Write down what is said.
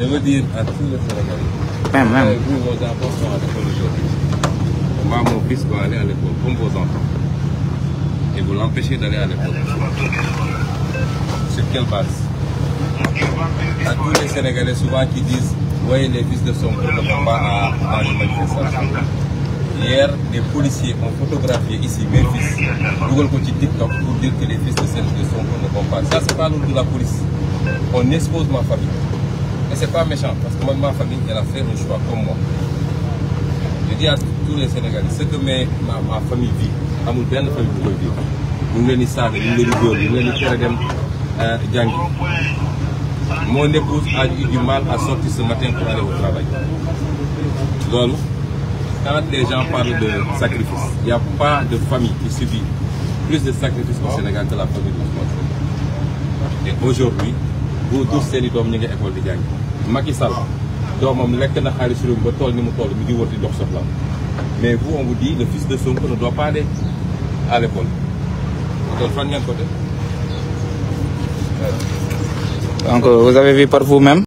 Je veux dire à tous les Sénégalais. Même, même. Euh, vous, vos enfants sont à l'école aujourd'hui. Moi, mon Sur quelle base À tous les Sénégalais, souvent, qui disent Oui, de son groupe ne vont pas à, à une manifestation. Hier, des policiers ont photographié ici mes fils. Google Côté TikTok pour dire que les fils de, de son groupe ne vont pas. Ça, c'est pas l'ordre de la police. On ma famille. Et c'est pas méchant, parce que même ma famille, elle a fait le choix comme moi. Je dis à les Sénégalais, ce que mes, ma, ma famille vit, amul benn famille bu koy vivre. ñu ngi leen di saaga ñu ngi leen di góor ñu ngi leen di tere dem euh, jàngi. Mon épouse a eu du mal à sortir ce matin pour aller au travail. loolu quand les gens parlent de sacrifice il y a pas de famille qui subit plus de sacrifices au Sénégal que la famille de Ousmane Sonko. Et aujourd'hui vous tous seen i doom ñi nga école di jàng Macky Sall doomam lekk na xaalis réew mi ba tool ni mu toll mi ngi wër di dox soxlaam mais vous on vous dit le fils de Sonko ne doit pas aller à l'école donc fan ngeen ko def donc euh, vous avez vu par vous-même